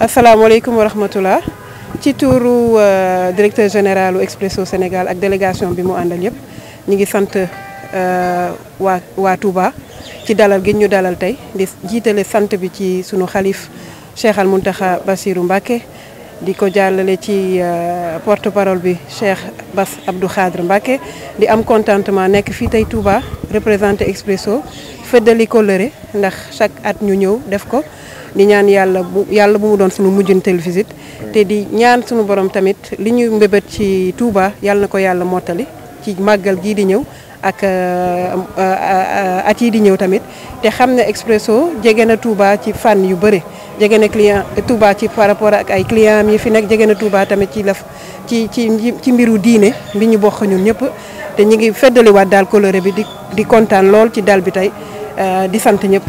asalaamaaleykum wa rahmatullah ci tuuru euh, directeur généralu Expresso Sénégal ak délégation bi mu àndal yëpp ñu ngi sant euh, waa waa Touba ci dalal gi ñu dalal tey di jiitale sant bi ci sunu xalif Cheikh Al Mountakha Bassirou Mbacké di ko jàllale ci euh, porte parole bi Cheikh Bass Abdou Khadre Mbacké di am contentement nekk fii tey Touba représenté Expresso l'école coloré ndax chaque at ñu ñew def ko di ñaan yalla bu yalla bu mu doon suñu mujjantel visite te di ñaan suñu borom tamit li ñu mbébét ci Touba yalla nako yalla motali ci magal gi di ñew ak euh, euh, at yi di ñew tamit te xam expresso jégué na Touba ci fan yu bëré jégué na client Touba ci par rapport ak ay client yi fi nek jégué na Touba tamit ci la ci ci ci mbiru diiné bi ñu bokk ñun ñëpp te ñi ngi feddali waat dal coloré bi di di contane lool ci dal bi tay di sant ñëpp.